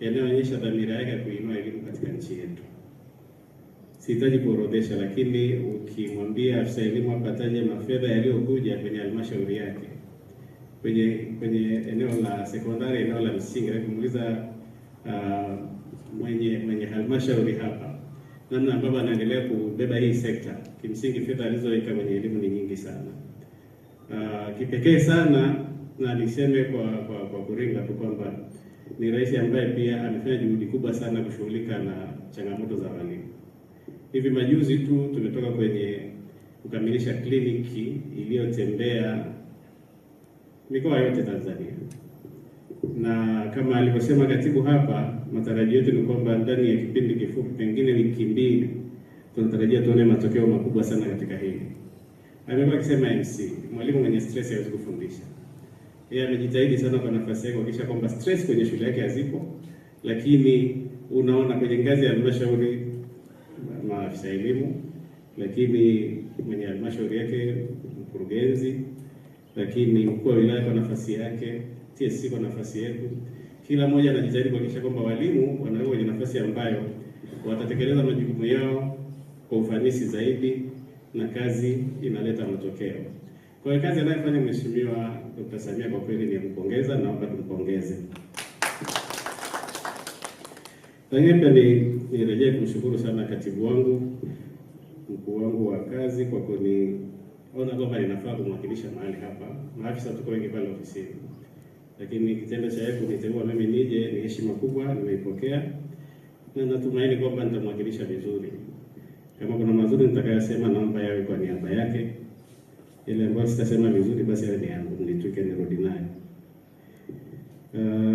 yanayoonyesha dhamira yake kuinua elimu katika nchi yetu. Sihitaji kuorodhesha, lakini ukimwambia afisa elimu hapa ataje mafedha yaliyokuja kwenye halmashauri yake kwenye kwenye eneo la sekondari, eneo la msingi, akimuuliza uh, ah, mwenye mwenye halmashauri hapa namna ambavyo anaendelea kubeba hii sekta, kimsingi fedha alizoweka kwenye elimu ni nyingi sana. Uh, kipekee sana na niseme kwa kwa, kwa kuringa tu kwamba ni rais ambaye pia amefanya juhudi kubwa sana kushughulika na changamoto za walimu. Hivi majuzi tu tumetoka kwenye kukamilisha kliniki iliyotembea mikoa yote Tanzania, na kama alivyosema katibu hapa, matarajio yetu ni kwamba ndani ya kipindi kifupi, pengine wiki mbili, tunatarajia tuone matokeo makubwa sana katika hili. Amekuwa akisema MC, mwalimu mwenye stress hawezi kufundisha yeye amejitahidi sana kwa nafasi yake kuhakikisha kwamba stress kwenye shule yake hazipo, lakini unaona kwenye ngazi ya halmashauri maafisa elimu, lakini mwenye halmashauri yake mkurugenzi, lakini mkuu wa wilaya kwa nafasi yake, TSC kwa nafasi yetu, kila mmoja anajitahidi kuhakikisha kwamba walimu wanawekwa kwenye nafasi ambayo watatekeleza majukumu yao kwa ufanisi zaidi na kazi inaleta matokeo. Kwa hiyo kazi anayofanya Mheshimiwa Dkt. Samia kwa kweli ni ya kumpongeza, naomba tumpongeze. Lakini pia ni nirejee kumshukuru sana katibu wangu, mkuu wangu wa kazi kwa kuniona kwamba ninafaa kumwakilisha mahali hapa. Maafisa tuko wengi pale ofisini, lakini kitendo cha yeye kuniteua mimi nije ni heshima kubwa, nimeipokea na natumaini kwamba nitamwakilisha vizuri. Kama kuna mazuri nitakayosema, naomba yawe kwa niaba yake ile ambayo sitasema vizuri, basi yale ni yangu, nitoke nirudi nayo. Uh,